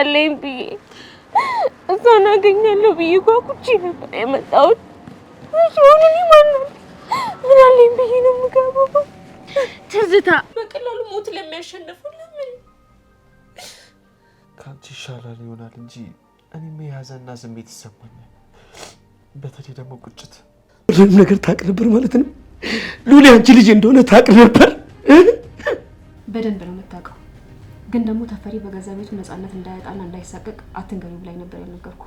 ትመጣለኝ ብዬ እሷን አገኛለሁ ብዬ ጓጉቼ ነበር የመጣሁት። ሲሆን ምን አለኝ ብዬ ነው የምገባው። ትዝታ በቀላሉ ሞት ለሚያሸንፉ ለምን ከአንቺ ይሻላል ይሆናል እንጂ እኔም ስሜት ይሰማኛል። በተለይ ደግሞ ቁጭት ሁሉንም ነገር ታውቅ ነበር ማለት ነው። ሉሊ አንቺ ልጅ እንደሆነ ታውቅ ነበር። በደንብ ነው የምታውቀው። ግን ደግሞ ተፈሪ በገዛ ቤቱ ነጻነት እንዳያጣና እንዳይሳቀቅ አትንገቢ ብላኝ ነበር ያልነገርኩ።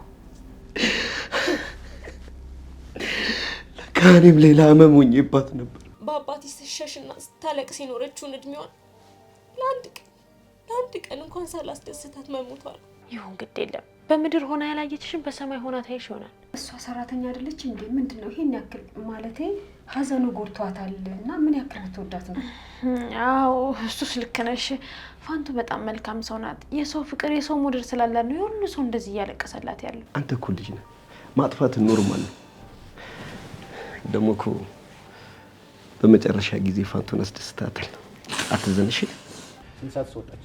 ለካ እኔም ሌላ ህመም ሆኜባት ነበር። በአባቴ ስትሸሽና ስታለቅስ የኖረችውን እድሜዋን ለአንድ ቀን ለአንድ ቀን እንኳን ሳላስደስታት መሞቷል። ይሁን ግድ የለም። በምድር ሆና ያላየችሽን በሰማይ ሆና ታይሽ ይሆናል። እሷ ሰራተኛ አይደለች እንዴ? ምንድን ነው ይሄን ያክል ማለቴ ሀዘኑ ጎድቷታል እና ምን ያክል ብትወዳት ነው? አዎ እሱስ ልክ ነሽ። ፋንቱ በጣም መልካም ሰው ናት። የሰው ፍቅር የሰው ሞደር ስላላት ነው የሁሉ ሰው እንደዚህ እያለቀሰላት ያለው። አንተ እኮ ልጅ ነህ። ማጥፋት ኖርማል ነው። ደግሞ እኮ በመጨረሻ ጊዜ ፋንቱን አስደስታታል። አትዘንሽ። ስንት ወጣች?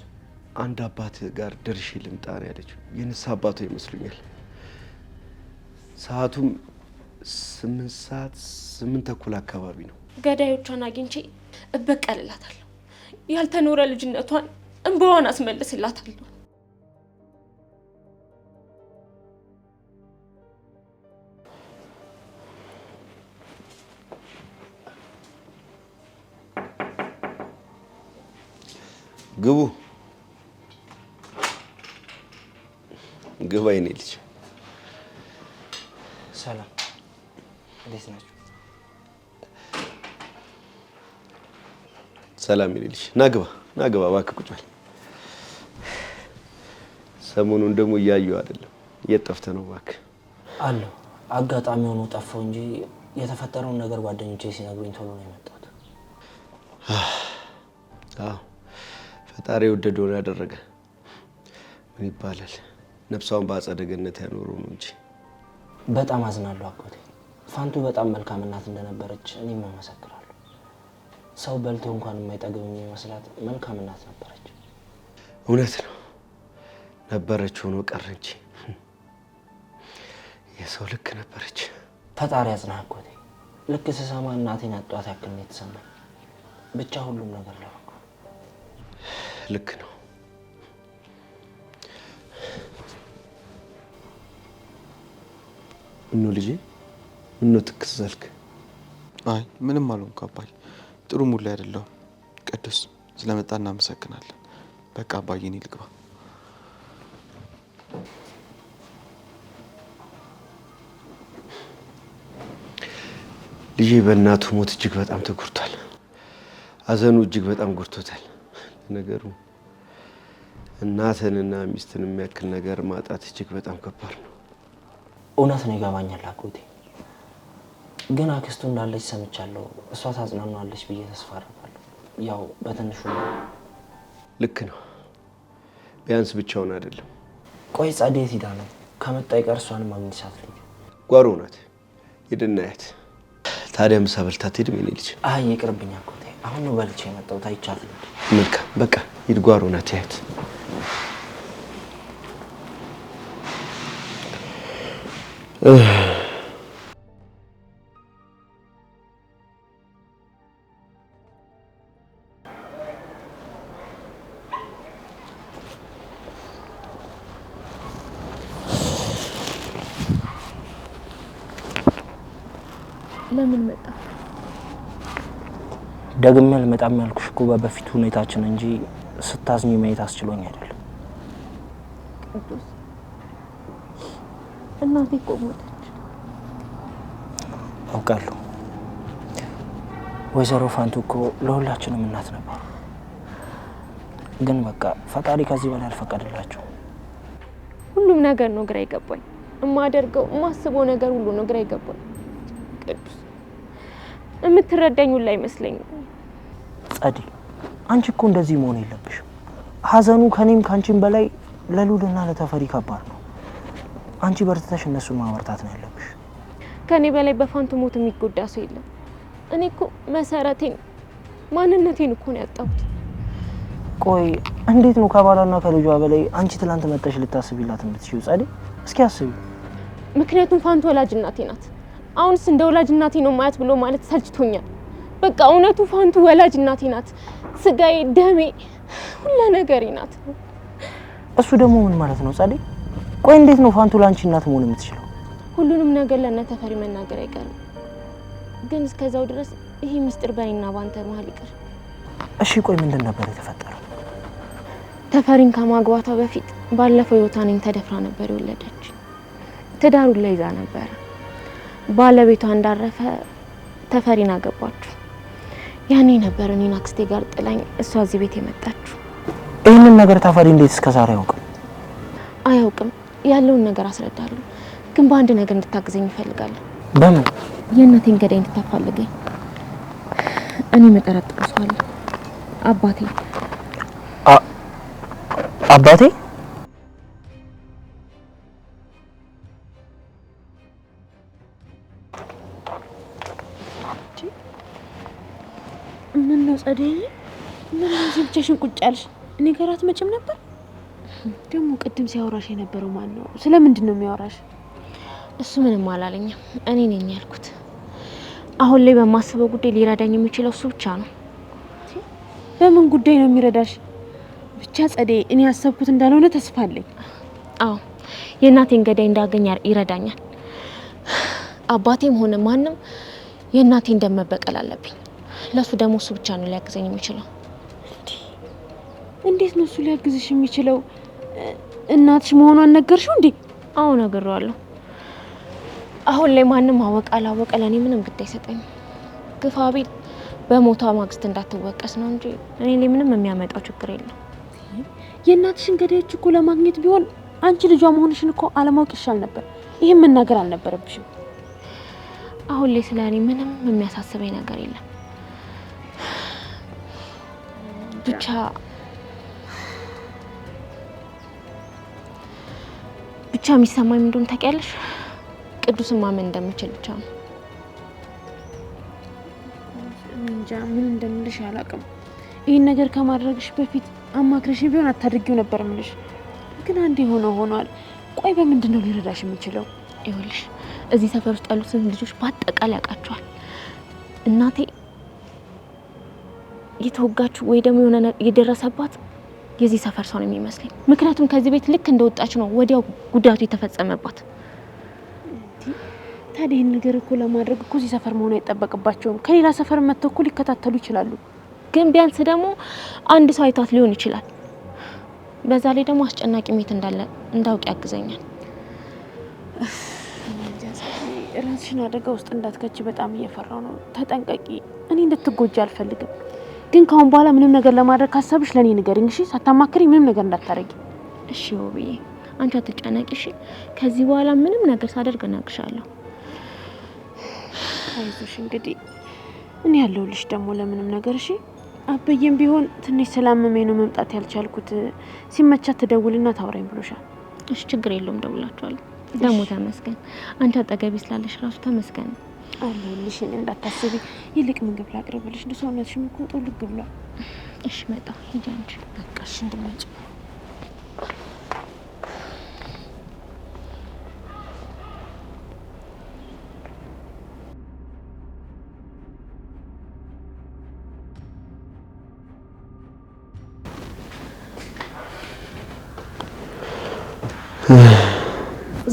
አንድ አባት ጋር ደርሼ ልምጣ ነው ያለችው። የንስሓ አባቱ ይመስሉኛል። ሰዓቱም ስምንት ሰዓት ስምንት ተኩል አካባቢ ነው። ገዳዮቿን አግኝቼ እበቀልላታለሁ። ያልተኖረ ልጅነቷን እንባዋን አስመልስላታለሁ። ግቡ፣ ግባ የኔ ልጅ። ሰላም እንዴት ናችሁ? ሰላም ይልልሽ። ናግባ ናግባ፣ እባክህ ቁጭ በል። ሰሞኑን ደግሞ እያየሁ አይደለም። እየጠፍተ ነው? እባክህ አለሁ። አጋጣሚ ሆኖ ጠፋው እንጂ የተፈጠረውን ነገር ጓደኞቼ ሲነግሩኝ ቶሎ ነው የመጣሁት። አዎ ፈጣሪ የወደደውን ያደረገ ምን ይባላል። ነፍሷን በአጸደ ገነት ያኖረው ነው እንጂ በጣም አዝናለሁ አጎቴ። ፋንቱ በጣም መልካም እናት እንደነበረች እኔም አመሰግናለሁ። ሰው በልቶ እንኳን የማይጠግብ የሚመስላት መልካም እናት ነበረች። እውነት ነው ነበረች፣ ሆኖ ቀረ እንጂ የሰው ልክ ነበረች። ፈጣሪ ያጽናህ እኮ ልክ ስሰማ እናቴን አጧት ያክል ነው የተሰማኝ። ብቻ ሁሉም ነገር ለበጎ ልክ ነው። እኑ ልጄ ምነው ትክስ አይ ምንም አልሆንኩ አባዬ፣ ጥሩ ሙድ ላይ አይደለሁም። ቅዱስ ስለመጣ እናመሰግናለን። በቃ አባይ፣ እኔ ልግባ። ልጄ በእናቱ ሞት እጅግ በጣም ተጎድቷል። አዘኑ እጅግ በጣም ጎድቶታል። ነገሩ እናትንና ሚስትን የሚያክል ነገር ማጣት እጅግ በጣም ከባድ ነው። እውነት ነው፣ ይገባኛል አጎቴ ግን አክስቱ እንዳለች ሰምቻለሁ። እሷ ታጽናናለች ብዬ ተስፋ አደርጋለሁ። ያው በትንሹ ልክ ነው። ቢያንስ ብቻውን አይደለም። ቆይ ጻዴ የት ሄዳ ነው? ከመጣ ይቀር እሷን ማግኘት ልጅ ጓሮ ናት የድናየት። ታዲያ ምሳ በልታ ትሄድም? የኔ ልጅ አይ ይቅርብኝ አጎቴ፣ አሁን ነው በልቼ የመጣው ታይቻለ። ልጅ መልካም፣ በቃ ሂድ፣ ጓሮ ናት ያየት። እህ ደግሜ አልመጣም ያልኩሽ እኮ በፊት ሁኔታችን እንጂ ስታዝኝ ማየት አስችሎኝ አይደለም። ቅዱስ እናቴ እኮ አውቃለሁ። ወይዘሮ ፋንቱ እኮ ለሁላችንም እናት ነበሩ። ግን በቃ ፈጣሪ ከዚህ በላይ አልፈቀደላቸው። ሁሉም ነገር ነው ግራ ይገባኝ። የማደርገው የማስበው ነገር ሁሉ ነው ግራ ይገባኝ ቅዱስ የምትረዳኝ ሁላ አይመስለኝም። ጸዴ፣ አንቺ እኮ እንደዚህ መሆን የለብሽም። ሀዘኑ ከኔም ከአንቺም በላይ ለሉልና ለተፈሪ ከባድ ነው። አንቺ በርትተሽ እነሱን ማበርታት ነው ያለብሽ። ከኔ በላይ በፋንቱ ሞት የሚጎዳ ሰው የለም። እኔ እኮ መሰረቴን ማንነቴን እኮ ነው ያጣሁት። ቆይ እንዴት ነው ከባሏና ከልጇ በላይ አንቺ ትላንት መጠሽ ልታስቢላት የምትችይው? ጸዴ፣ እስኪ አስቢ። ምክንያቱም ፋንቱ ወላጅ እናቴ ናት። አሁንስ እንደ ወላጅ እናቴ ነው ማያት ብሎ ማለት ሰልችቶኛል። በቃ እውነቱ ፋንቱ ወላጅ እናቴ ናት። ስጋዬ፣ ደሜ፣ ሁላ ነገሬ ናት። እሱ ደግሞ ምን ማለት ነው ጸዴ? ቆይ እንዴት ነው ፋንቱ ለአንቺ እናት መሆን የምትችለው? ሁሉንም ነገር ለእነ ተፈሪ መናገር አይቀርም፣ ግን እስከዛው ድረስ ይሄ ምስጢር በኔና በአንተ መሀል ይቀር። እሺ ቆይ ምንድን ነበር የተፈጠረው? ተፈሪን ከማግባቷ በፊት ባለፈው ህይወቷ እኔን ተደፍራ ነበር የወለደች። ትዳሩን ላይ ይዛ ነበረ ባለቤቷ እንዳረፈ ተፈሪን አገባችሁ። ያኔ ነበር እኔን አክስቴ ጋር ጥላኝ እሷ እዚህ ቤት የመጣችሁ። ይህንን ነገር ተፈሪ እንዴት እስከ ያውቅ አያውቅም? አያውቅም። ያለውን ነገር አስረዳለሁ፣ ግን በአንድ ነገር እንድታግዘኝ ይፈልጋለሁ በምን? የእናቴን ገዳይ እንድታፋልገኝ። እኔ መጠረጥር አባቴ አባቴ እኔ ንገራት መጭም ነበር ደግሞ ቅድም ሲያወራሽ የነበረው ማን ነው? ስለምንድን ነው የሚያወራሽ? እሱ ምንም አላለኝም። እኔ ነኝ ያልኩት። አሁን ላይ በማስበው ጉዳይ ሊረዳኝ የሚችለው እሱ ብቻ ነው። በምን ጉዳይ ነው የሚረዳሽ? ብቻ ጸደይ፣ እኔ ያሰብኩት እንዳልሆነ ተስፋ አለኝ። አዎ የእናቴን ገዳይ እንዳገኝ ይረዳኛል። አባቴም ሆነ ማንም የእናቴን ደም መበቀል አለብኝ። ለእሱ ደግሞ እሱ ብቻ ነው ሊያግዘኝ የሚችለው። እንዴት ነው እሱ ሊያግዝሽ የሚችለው? እናትሽ መሆኗን ነገርሽው እንዴ? አዎ ነግሬዋለሁ። አሁን ላይ ማንም አወቀ አላወቀ ለእኔ ምንም ግድ አይሰጠኝም። ግፋ ቤት በሞቷ ማግስት እንዳትወቀስ ነው እንጂ እኔ ላይ ምንም የሚያመጣው ችግር የለም። የእናትሽን ገዳዮች እኮ ለማግኘት ቢሆን አንቺ ልጇ መሆንሽን እኮ አለማወቅ ይሻል ነበር። ይህም መናገር አልነበረብሽም። አሁን ላይ ስለ እኔ ምንም የሚያሳስበኝ ነገር የለም ብቻ ብቻ የሚሰማኝ ምንድን ታውቂያለሽ? ቅዱስን ማመን እንደምችል ብቻ ነው። እንጃ ምን እንደምልሽ አላውቅም። ይህን ነገር ከማድረግሽ በፊት አማክረሽ ቢሆን አታድርጊው ነበር ምልሽ፣ ግን አንድ የሆነ ሆኗል። ቆይ በምንድን ነው ሊረዳሽ የምችለው? ይኸውልሽ እዚህ ሰፈር ውስጥ ያሉትን ልጆች በአጠቃላይ ያውቃቸዋል። እናቴ የተወጋችሁ ወይ ደግሞ የሆነ የደረሰባት የዚህ ሰፈር ሰው ነው የሚመስለኝ። ምክንያቱም ከዚህ ቤት ልክ እንደወጣች ነው ወዲያው ጉዳቱ የተፈጸመባት። ታዲያ ይህን ነገር እኮ ለማድረግ እኮ እዚህ ሰፈር መሆን አይጠበቅባቸውም። ከሌላ ሰፈር መጥተው እኮ ሊከታተሉ ይችላሉ። ግን ቢያንስ ደግሞ አንድ ሰው አይቷት ሊሆን ይችላል። በዛ ላይ ደግሞ አስጨናቂ ሜት እንዳለ እንዳውቅ ያግዘኛል። ራስሽን አደጋ ውስጥ እንዳትከች በጣም እየፈራው ነው። ተጠንቀቂ። እኔ እንድትጎጂ አልፈልግም። ግን ካሁን በኋላ ምንም ነገር ለማድረግ ካሰብሽ ለእኔ ንገሪኝ፣ እሺ? ሳታማክሪ ምንም ነገር እንዳታረጊ፣ እሺ? ውብዬ አንቺ አትጨነቂ፣ እሺ? ከዚህ በኋላ ምንም ነገር ሳደርግ እናግሻለሁ። አይዞሽ እንግዲህ እኔ ያለሁልሽ ደግሞ ለምንም ነገር እሺ። አበየም ቢሆን ትንሽ ስላመመኝ ነው መምጣት ያልቻልኩት። ሲመቻት ትደውልና ታውራኝ ብሎሻል። እሺ ችግር የለውም፣ ደውላችኋለሁ። ደግሞ ተመስገን አንቺ አጠገቢ ስላለሽ ራሱ ተመስገን ነው። አለሁልሽ እንዳታስቢ። ይልቅ ምግብ ላቅርብልሽ። እንደ ሰውነትሽም እኮ ጥልግ ብሏል። እሽ መጣ ሂጂ አንቺ በቃ እሽ እንድመጭ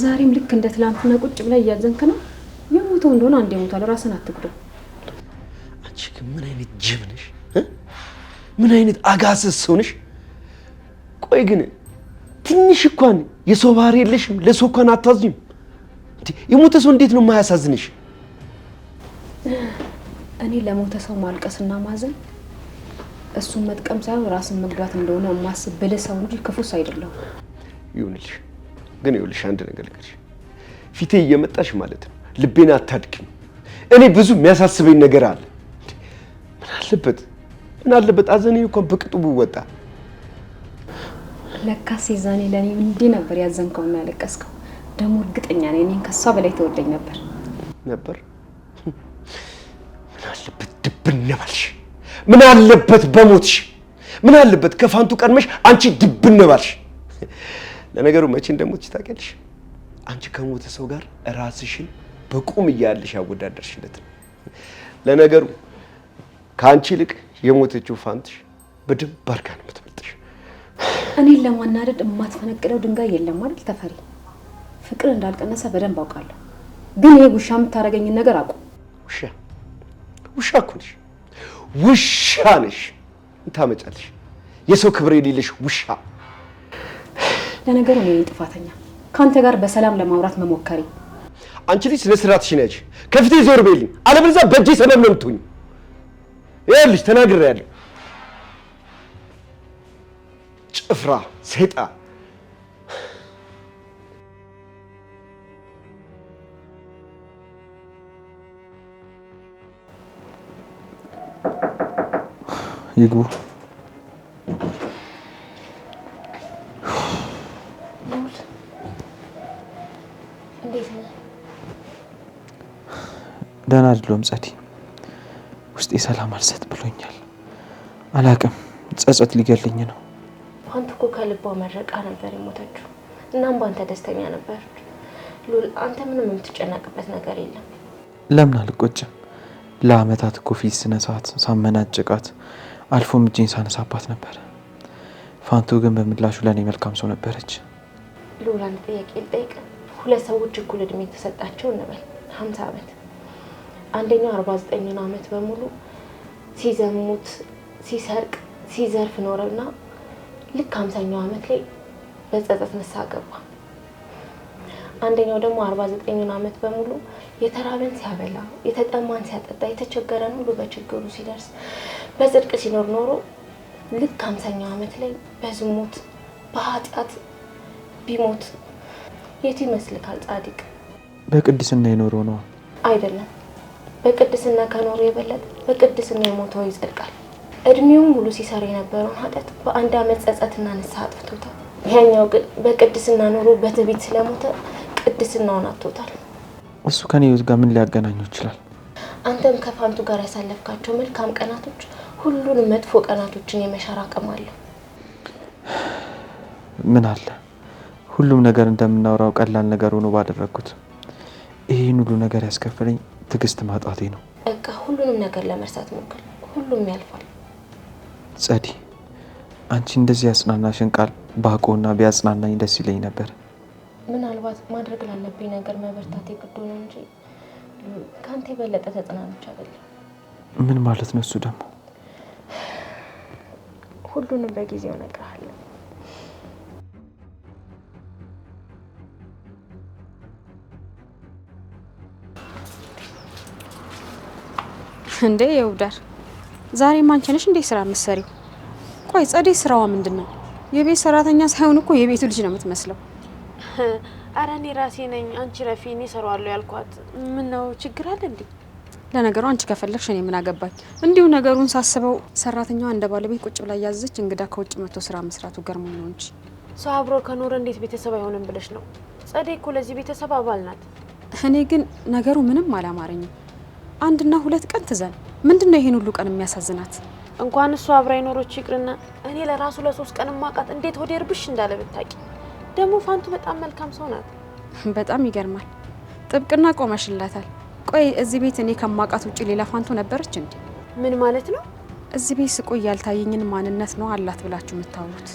ዛሬም ልክ እንደ ትላንትና ቁጭ ብላ እያዘንክ ነው። ስንቱ እንደሆነ አንዴ ሞታል። ራስን አትጉዳ። አንቺ ግን ምን አይነት ጅብ ነሽ? ምን አይነት አጋስስ ሰው ነሽ? ቆይ ግን ትንሽ እንኳን የሰው ባህሪ የለሽም? ለሰው እንኳን አታዝኝም? የሞተ ሰው እንዴት ነው የማያሳዝንሽ? እኔ ለሞተ ሰው ማልቀስና ማዘን እሱን መጥቀም ሳይሆን ራስን መጉዳት እንደሆነ የማስብ ብልህ ሰው እንጂ ክፉስ አይደለሁም። ይሁንልሽ። ግን ይኸውልሽ አንድ ነገር ልንገርሽ፣ ፊቴ እየመጣሽ ማለት ነው ልቤን አታድክም። እኔ ብዙ የሚያሳስበኝ ነገር አለ። ምን አለበት ምን አለበት አዘኔ እንኳን በቅጡ ብወጣ። ለካስ የዛኔ ለእኔ እንዲህ ነበር ያዘንከውና ያለቀስከው። ደግሞ እርግጠኛ ነኝ እኔን ከሷ በላይ ተወደኝ ነበር ነበር። ምን አለበት ድብን ነባልሽ? ምን አለበት በሞትሽ? ምን አለበት ከፋንቱ ቀድመሽ አንቺ ድብን ነባልሽ? ለነገሩ መቼ እንደሞትሽ ታውቂያለሽ? አንቺ ከሞተ ሰው ጋር ራስሽን በቁም እያልሽ ያወዳደርሽለት ነው። ለነገሩ ከአንቺ ይልቅ የሞተችው ፋንትሽ በደንብ አድርጋ ነው የምትበልጥሽ። እኔን ለማናደድ የማትፈነቅለው ድንጋይ የለም አይደል ተፈሪ? ፍቅር እንዳልቀነሰ በደንብ አውቃለሁ። ግን ይሄ ውሻ የምታደርገኝን ነገር አቁም። ውሻ ውሻ እኮ ነሽ፣ ውሻ ነሽ። እንታመጫለሽ የሰው ክብር የሌለሽ ውሻ። ለነገሩ እኔ ጥፋተኛ ከአንተ ጋር በሰላም ለማውራት መሞከሬ አንቺ ልጅ ስነ ስርዓትሽ ነሽ። ከፊቴ ዞር በይልኝ፣ አለበለዚያ በእጄ ሰበብ ነው የምትሆኝ። ይኸውልሽ ተናግሬያለሁ። ጭፍራ ሴጣ ይግቡ። ደህና አይደለሁም ጸዴ። ውስጤ ሰላም አልሰጥ ብሎኛል። አላቅም፣ ጸጸት ሊገልኝ ነው። አንተ እኮ ከልቧ መረቃ ነበር የሞተችው። እናም በአንተ ደስተኛ ነበር። ሉል፣ አንተ ምንም የምትጨነቅበት ነገር የለም። ለምን አልቆጭም? ለአመታት እኮ ፊት ስነሳት ሳመናጭቃት፣ አልፎም እጄን ሳነሳባት ነበር። ፋንቱ ግን በምላሹ ለእኔ መልካም ሰው ነበረች። ሉላን አንድ ጥያቄ ልጠይቅ። ሁለት ሰዎች እኩል እድሜ የተሰጣቸው እንበል ሀምሳ ዓመት አንደኛው አርባ ዘጠኝን ዓመት በሙሉ ሲዘሙት ሲሰርቅ ሲዘርፍ ኖረና ልክ ሀምሳኛው ዓመት ላይ በጸጸት ንስሐ ገባ። አንደኛው ደግሞ አርባ ዘጠኝን አመት በሙሉ የተራበን ሲያበላ የተጠማን ሲያጠጣ የተቸገረን ሁሉ በችግሩ ሲደርስ በጽድቅ ሲኖር ኖሮ ልክ ሀምሳኛው ዓመት ላይ በዝሙት በኃጢአት ቢሞት የቱ ይመስልካል? ጻድቅ በቅድስና የኖረው ነው አይደለም? በቅድስና ከኖሩ የበለጠ በቅድስና የሞተው ይጸድቃል። እድሜውን ሙሉ ሲሰራ የነበረውን ኃጢአት በአንድ ዓመት ጸጸትና ንስሐ አጥፍቶታል። ያኛው ግን በቅድስና ኖሮ በትዕቢት ስለሞተ ቅድስናውን አጥቶታል። እሱ ከኔ ህይወት ጋር ምን ሊያገናኘው ይችላል? አንተም ከፋንቱ ጋር ያሳለፍካቸው መልካም ቀናቶች ሁሉንም መጥፎ ቀናቶችን የመሻር አቅም አለው። ምን አለ ሁሉም ነገር እንደምናወራው ቀላል ነገር ሆኖ ባደረግኩት ይህን ሁሉ ነገር ያስከፍለኝ ትዕግስት ማጣቴ ነው። በቃ ሁሉንም ነገር ለመርሳት ሞክል፣ ሁሉም ያልፋል። ጸዲ፣ አንቺ እንደዚህ ያጽናናሽን ቃል ባቆና ቢያጽናናኝ ደስ ይለኝ ነበር። ምናልባት ማድረግ ላለብኝ ነገር መበርታቴ ግድ ነው እንጂ ከአንተ የበለጠ ተጽናኖች አይደለም። ምን ማለት ነው? እሱ ደግሞ ሁሉንም በጊዜው እነግርሃለሁ። እንዴ የውዳር ዛሬ ማንቸነሽ እንዴ ስራ መሰሪው ቆይ ጸደይ ስራዋ ምንድን ነው? የቤት ሰራተኛ ሳይሆን እኮ የቤቱ ልጅ ነው የምትመስለው። አረ እኔ ራሴ ነኝ። አንቺ ረፊ፣ እኔ እሰራዋለሁ ያልኳት። ምን ነው ችግር አለ እንዴ? ለነገሩ አንቺ ከፈለግሽ እኔ ምን አገባኝ። እንዲሁ ነገሩን ሳስበው ሰራተኛዋ እንደ ባለቤት ቁጭ ብላ ያዘች እንግዳ ከውጭ መጥቶ ስራ መስራቱ ገርሞ ነው እንጂ ሰው አብሮ ከኖረ እንዴት ቤተሰብ አይሆንም ብለሽ ነው? ጸደይ እኮ ለዚህ ቤተሰብ አባል ናት። እኔ ግን ነገሩ ምንም አላማረኝም። አንድና ሁለት ቀን ትዘን ምንድን ነው ይሄን ሁሉ ቀን የሚያሳዝናት? እንኳን እሱ አብራ ይኖሮች ይቅርና እኔ ለራሱ ለሶስት ቀን ማቃት እንዴት ወደ እርብሽ እንዳለ ብታቂ። ደግሞ ፋንቱ በጣም መልካም ሰው ናት። በጣም ይገርማል። ጥብቅና ቆመሽላታል። ቆይ እዚህ ቤት እኔ ከማቃት ውጭ ሌላ ፋንቱ ነበረች እንዴ? ምን ማለት ነው? እዚህ ቤት ስቆይ ያልታየኝን ማንነት ነው አላት ብላችሁ የምታወሩት?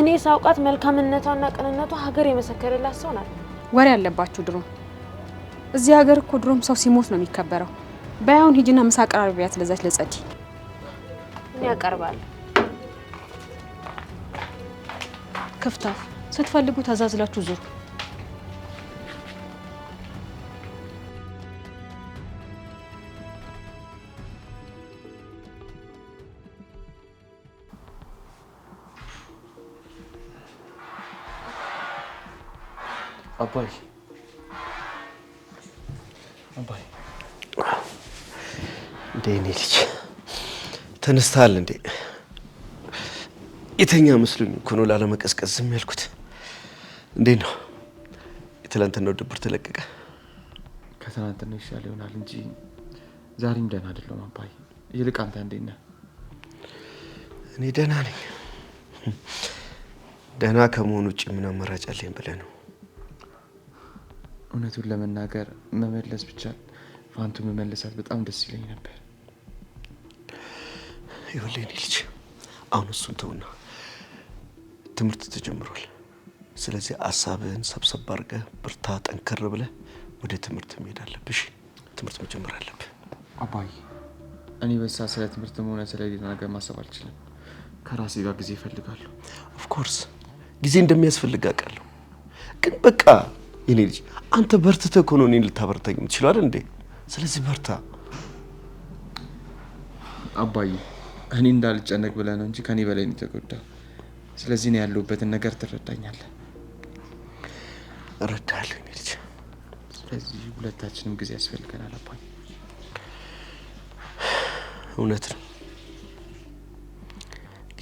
እኔ ሳውቃት መልካምነቷና ቅንነቷ ሀገር የመሰከረላት ሰው ናት። ወሬ ያለባችሁ ድሮም። እዚህ ሀገር እኮ ድሮም ሰው ሲሞት ነው የሚከበረው። በያውን ሂጂና ምሳ አቀራርቢያት ለዛች ለጸዲ ያቀርባል አቀርባለሁ። ክፍታፍ ስትፈልጉ ተዛዝላችሁ ዙሩ። አባይ አባይ የኔ ልጅ ተነስተሃል እንዴ? የተኛ መስሎኝ እኮ ነው ላለመቀስቀስ ዝም ያልኩት። እንዴት ነው የትላንትናው ድብር ተለቀቀ? ከትናንትና ይሻል ይሆናል እንጂ ዛሬም ደህና አይደለሁም አባዬ። ይልቅ አንተ እንዴት ነህ? እኔ ደህና ነኝ። ደህና ከመሆኑ ውጭ ምን አማራጭ አለኝ ብለህ ነው? እውነቱን ለመናገር መመለስ ብቻ ፋንቱ መመለሳት በጣም ደስ ይለኝ ነበር ይኸውልህ ልጅ አሁን እሱን ተውና ትምህርት ተጀምሯል። ስለዚህ ሀሳብህን ሰብሰብ አድርገህ ብርታ፣ ጠንከር ብለህ ወደ ትምህርት መሄድ አለብሽ። ትምህርት መጀመር አለብህ። አባዬ እኔ በዛ ስለ ትምህርትም ሆነ ስለሌላ ነገር ማሰብ አልችልም። ከራሴ ጋር ጊዜ ይፈልጋሉ ኦፍኮርስ ጊዜ እንደሚያስፈልግ አውቃለሁ። ግን በቃ የኔ ልጅ አንተ በርትተህ እኮ ነው እኔን ልታበርታኝ የምትችለው አይደል እንዴ? ስለዚህ በርታ አባዬ። እኔ እንዳልጨነቅ ብለ ነው እንጂ ከኔ በላይ ነው የተጎዳው። ስለዚህ ነው ያለሁበትን ነገር ትረዳኛለህ። እረዳለሁ ሜልች። ስለዚህ ሁለታችንም ጊዜ ያስፈልገናል። አባኝ እውነት ነው፣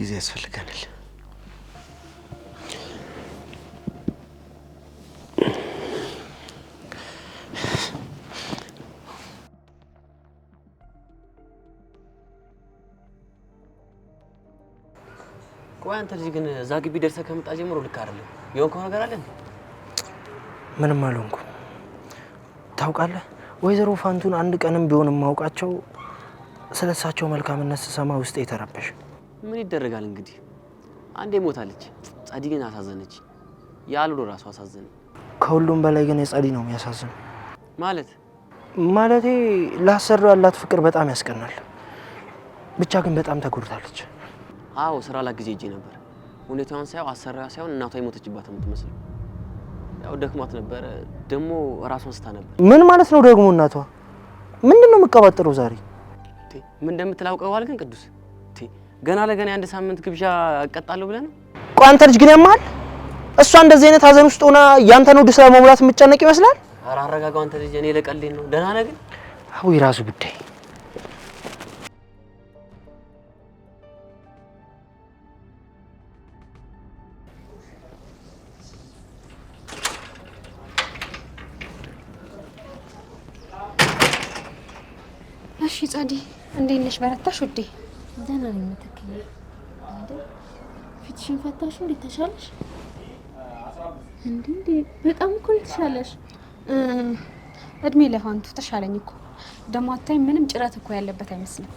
ጊዜ ያስፈልገናል። ቆይ አንተ ልጅ ግን እዛ ግቢ ደርሰህ ከመጣ ጀምሮ ልክ አይደለም። የሆንከው ነገር አለ? ምንም አልሆንኩም። ታውቃለህ፣ ወይዘሮ ፋንቱን አንድ ቀንም ቢሆን የማውቃቸው ስለሳቸው መልካምነት ስሰማ ውስጥ የተረበሸ። ምን ይደረጋል እንግዲህ፣ አንዴ ሞታለች። ጸዲ ግን አሳዘነች። የአልሎ ራሱ አሳዘነ። ከሁሉም በላይ ግን የጸዲ ነው የሚያሳዝን። ማለት ማለቴ ላሰራው ያላት ፍቅር በጣም ያስቀናል። ብቻ ግን በጣም ተጎድታለች። አዎ ስራ ላግዜ ሄጄ ነበር። ሁኔታዋን ሳይሆን አሰሪዋ ሳይሆን እናቷ የሞተችባት የምትመስለው ያው ደክማት ነበረ። ደግሞ ራሷን ስታ ነበር። ምን ማለት ነው ደግሞ እናቷ? ምንድን ነው የምቀባጥረው ዛሬ? ምን እንደምትላውቀው አውቀዋል። ግን ቅዱስ ገና ለገና የአንድ ሳምንት ግብዣ እቀጣለሁ ብለህ ነው? ቆይ አንተ ልጅ ግን ያማል። እሷ እንደዚህ አይነት ሀዘን ውስጥ ሆና ያንተ ነው ስራ መሙላት የምትጨነቅ ይመስላል? ኧረ አረጋጋው አንተ ልጅ። እኔ ለቀልዴን ነው። ደህና ነህ ግን? አዎ የራሱ ጉዳይ ሳዲ እንዴት ነሽ? በረታሽ ውዴ? ደህና ነኝ መተክዬ። ፊትሽን ፈታሽ? እንዴት ተሻለሽ? እንዴ በጣም እኮ ተሻለሽ። እድሜ ለፋንቱ ተሻለኝ እኮ ደግሞ አታይ፣ ምንም ጭረት እኮ ያለበት አይመስልም።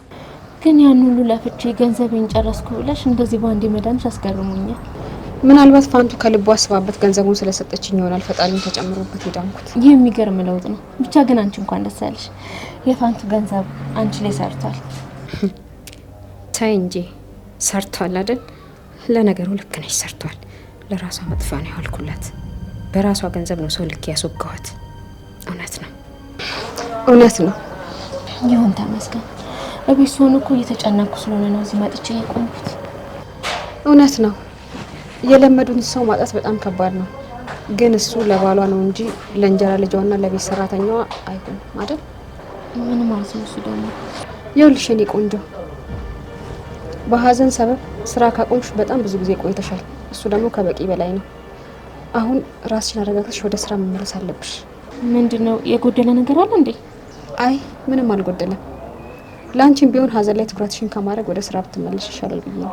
ግን ያን ሁሉ ለፍቼ ገንዘቤን ጨረስኩ ብለሽ እንደዚህ በአንዴ መዳንሽ አስገርሞኛል። ምናልባት ፋንቱ ከልቡ አስባበት ገንዘቡን ስለሰጠችኝ ይሆናል ፈጣሪም ተጨምሮበት የዳንኩት። ይህ የሚገርም ለውጥ ነው። ብቻ ግን አንቺ እንኳን ደስ ያለሽ። የፋንቱ ገንዘብ አንቺ ላይ ሰርቷል። ተይ እንጂ ሰርቷል አይደል? ለነገሩ ልክ ነች ሰርቷል። ለራሷ መጥፋ ነው ያዋልኩላት። በራሷ ገንዘብ ነው ሰው ልክ ያስወጋዋት። እውነት ነው፣ እውነት ነው። ይሁን ተመስገን። እቤት ስሆን እኮ እየተጨነኩ ስለሆነ ነው እዚህ መጥቼ የቆምኩት። እውነት ነው። የለመዱን ሰው ማጣት በጣም ከባድ ነው። ግን እሱ ለባሏ ነው እንጂ ለእንጀራ ልጇና ለቤት ሰራተኛዋ አይሆንም አይደል? ምን ማለት ነው? እሱ ደግሞ ይኸውልሽ፣ የኔ ቆንጆ በሀዘን ሰበብ ስራ ካቆምሽ በጣም ብዙ ጊዜ ቆይተሻል። እሱ ደግሞ ከበቂ በላይ ነው። አሁን ራስሽን አረጋግተሽ ወደ ስራ መመለስ አለብሽ። ምንድን ነው የጎደለ ነገር አለ እንዴ? አይ ምንም አልጎደለም። ለአንቺም ቢሆን ሀዘን ላይ ትኩረትሽን ከማድረግ ወደ ስራ ብትመለሽ ይሻላል ብዬ ነው።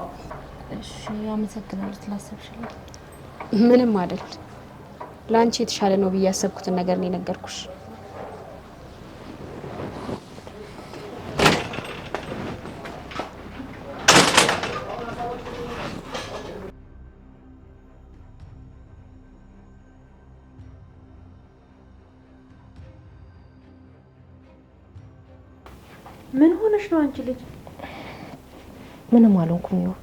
እሺ አመሰግናለሁ ስላሰብሽልኝ። ምንም አይደል። ለአንቺ የተሻለ ነው ብዬ ያሰብኩትን ነገር ነው የነገርኩሽ። ምን ሆነሽ ነው አንቺ ልጅ? ምንም አልሆንኩም። ይኸው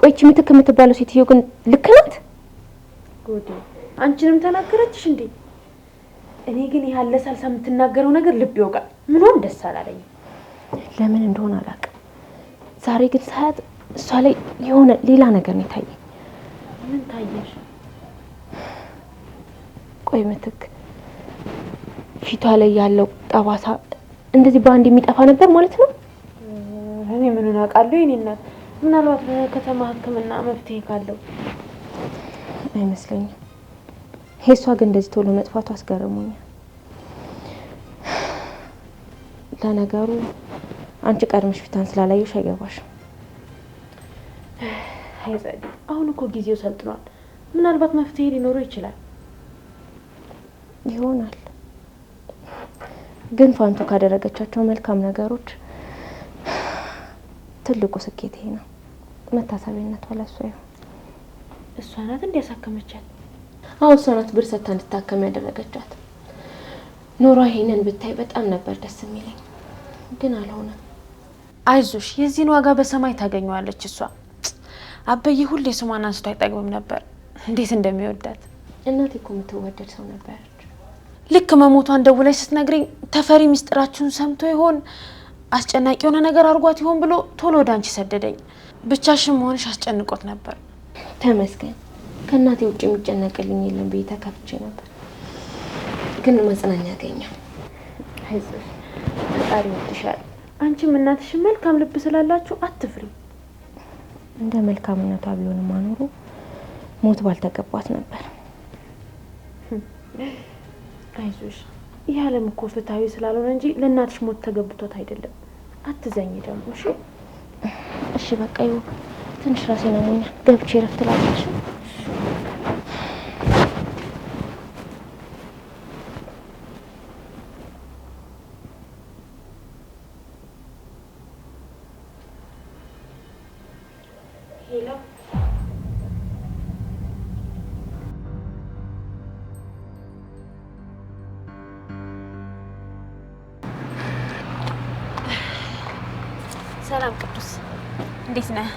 ቆይች ምትክ የምትባለው ሴትዮ ግን ልክ ናት? ጎዴ አንቺንም ተናገረችሽ እንዴ? እኔ ግን ያለ ሳልሳ የምትናገረው ነገር ልብ ይወቃል። ምንም ደስ አላለኝም። ለምን እንደሆነ አላውቅም። ዛሬ ግን ሳያት እሷ ላይ የሆነ ሌላ ነገር ነው የታየ። ምን ታየሽ? ቆይ ምትክ ፊቷ ላይ ያለው ጠባሳ እንደዚህ በአንድ የሚጠፋ ነበር ማለት ነው? እኔ ምኑን አውቃለሁ የኔ እናት ምናልባት በከተማ ሕክምና መፍትሄ ካለው አይመስለኝም። የእሷ ግን እንደዚህ ቶሎ መጥፋቱ አስገርሞኛል። ለነገሩ አንቺ ቀድመሽ ፊቷን ስላላየሽ አይገባሽም። አይጸድ አሁን እኮ ጊዜው ሰልጥኗል። ምናልባት መፍትሄ ሊኖረው ይችላል ይሆናል። ግን ፋንቱ ካደረገቻቸው መልካም ነገሮች ትልቁ ስኬት ይሄ ነው። መታሰቢያነቷ ለሷ ይሁን። እሷ ናት እንዲያሳከመቻት። አዎ እሷ ናት ብር ሰጥታ እንድታከም ያደረገቻት። ኖሯ ይሄንን ብታይ በጣም ነበር ደስ የሚለኝ፣ ግን አልሆነም። አይዞሽ፣ የዚህን ዋጋ በሰማይ ታገኘዋለች። እሷ አበይ ሁሌ ስሟን አንስቶ አይጠግብም ነበር፣ እንዴት እንደሚወዳት። እናቴ እኮ የምትወደድ ሰው ነበረች። ልክ መሞቷን ላይ ስትነግረኝ ተፈሪ ሚስጥራችሁን ሰምቶ ይሆን አስጨናቂ የሆነ ነገር አድርጓት ይሆን ብሎ ቶሎ ወደ አንቺ ሰደደኝ። ብቻሽን መሆንሽ አስጨንቆት ነበር። ተመስገን ከእናቴ ውጭ የሚጨነቅልኝ የለም ብዬ ተከፍቼ ነበር፣ ግን መጽናኛ ያገኘው አይዞሽ፣ ፈጣሪ ይወድሻል። አንቺም እናትሽ መልካም ልብ ስላላችሁ አትፍሪ። እንደ መልካምነቷ ቢሆን ማኖሩ ሞት ባልተገባት ነበር። አይዞሽ ይህ ዓለም እኮ ፍትሐዊ ስላልሆነ እንጂ ለእናትሽ ሞት ተገብቶት አይደለም። አትዘኝ ደግሞ እሺ። እሺ በቃ ይኸው ትንሽ ራሴ ነሞኛ ገብቼ ረፍት ላለሽ እንዴት ነህ?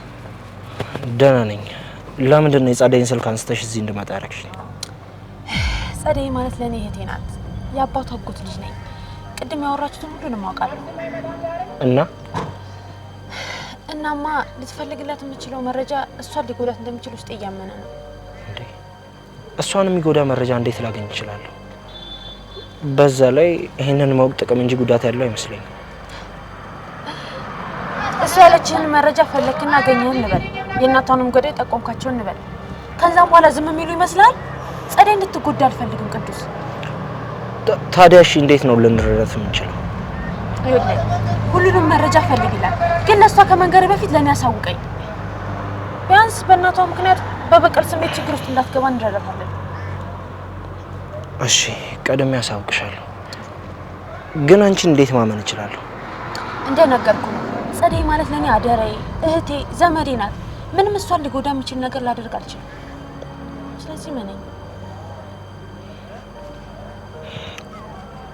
ደህና ነኝ። ለምንድን ነው የጸደይን ስልክ አንስተሽ እዚህ እንድመጣ ያደረግሽ? ጸደይ ማለት ለእኔ እህቴ ናት። የአባቷ አጎት ልጅ ነኝ። ቅድም ያወራችሁትን ሁሉንም አውቃለሁ። እና እናማ ልትፈልግላት የምችለው መረጃ እሷን ሊጎዳት እንደሚችል ውስጥ እያመነ ነው። እሷን የሚጎዳ መረጃ እንዴት ላገኝ እችላለሁ? በዛ ላይ ይህንን ማወቅ ጥቅም እንጂ ጉዳት ያለው አይመስለኝም። የእናታችንን መረጃ ፈለግክና አገኘህ እንበል፣ የእናቷንም ገዳይ ጠቆምካቸው እንበል። ከዛም በኋላ ዝም የሚሉ ይመስላል። ጸደይ እንድትጎዳ አልፈልግም ቅዱስ። ታዲያ እሺ፣ እንዴት ነው ልንረዳት የምንችለው? ሁሉንም መረጃ ፈልግ ይላል፣ ግን ለእሷ ከመንገር በፊት ለእኔ ያሳውቀኝ። ቢያንስ በእናቷ ምክንያት በበቀል ስሜት ችግር ውስጥ እንዳትገባ እንረዳታለን። እሺ፣ ቀድሜ ያሳውቅሻለሁ። ግን አንቺን እንዴት ማመን እችላለሁ? እንደነገርኩ ነው ጸደይ ማለት ለእኔ አደራዬ፣ እህቴ፣ ዘመዴ ናት። ምንም እሷን ሊጎዳ የሚችል ነገር ላደርግ አልችልም። ስለዚህ መነኝ።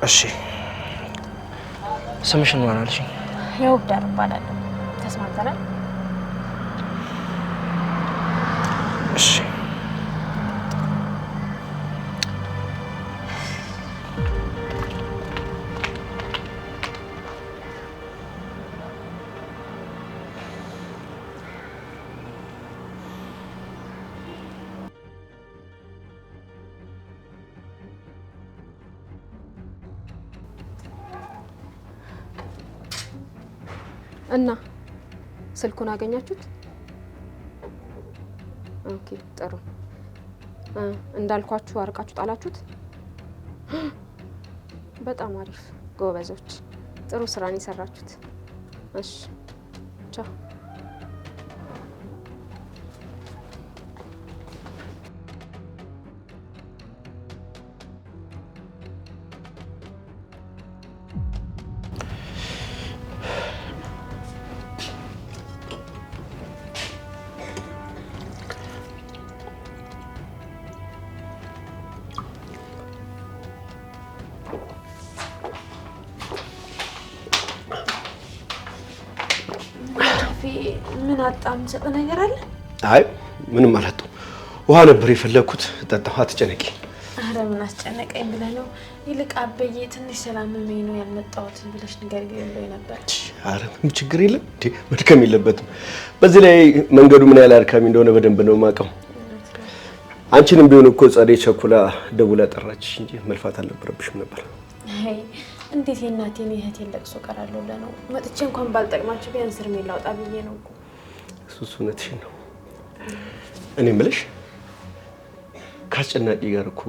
እሺ፣ ስምሽን ማን አልሽኝ? የውብዳር እባላለሁ። ተስማምተናል። እና ስልኩን አገኛችሁት? ኦኬ ጥሩ። እንዳልኳችሁ አርቃችሁ ጣላችሁት? በጣም አሪፍ ጎበዞች፣ ጥሩ ስራን የሰራችሁት። እሺ ቻው። አፌ ምን አጣም ሰጠ ነገር አለ? አይ ምንም አላጡ። ውሃ ነበር የፈለግኩት ጠጣሁ። አትጨነቂ። አረ ምን አስጨነቀኝ ብለህ ነው? ይልቅ አበዬ ትንሽ ሰላም መኝ ነው ያልመጣሁት ብለሽ ነገር ብሎ ነበር። አረ ምንም ችግር የለም እንዴ፣ መድከም የለበትም። በዚህ ላይ መንገዱ ምን ያህል አድካሚ እንደሆነ በደንብ ነው የማውቀው። አንቺንም ቢሆን እኮ ጸደይ ቸኩላ ደውላ ጠራችሽ እንጂ መልፋት አልነበረብሽም ነበር። እንዴት የእናቴን የእህቴን ለቅሶ ቀራለሁ? ለነው መጥቼ እንኳን ባልጠቅማቸው ቢያንስ እርሜ ላውጣ ብዬ ነው እኮ። እሱ እሱ እውነትሽን ነው። እኔ የምልሽ ከአስጨናቂ ጋር እኮ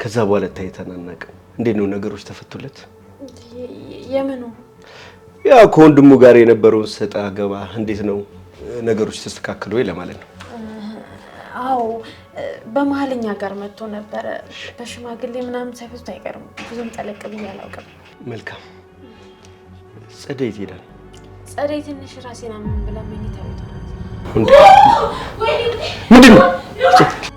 ከዛ በኋላ ታይተን አናውቅም። እንዴት ነው ነገሮች ተፈቱለት? የምኑ ያው ከወንድሙ ጋር የነበረውን ሰጣ ገባ እንዴት ነው ነገሮች ወይ ለማለት ነው። አዎ በመሀል እኛ ጋር መጥቶ ነበረ። በሽማግሌ ምናምን ሳይፈቱት አይቀርም። ብዙም ጠለቅ ብዬ አላውቅም። መልካም ጸደይ ትሄዳል። ጸደይ ትንሽ ራሴ ናምን ብላ መኝታ ቤት ምንድን ነው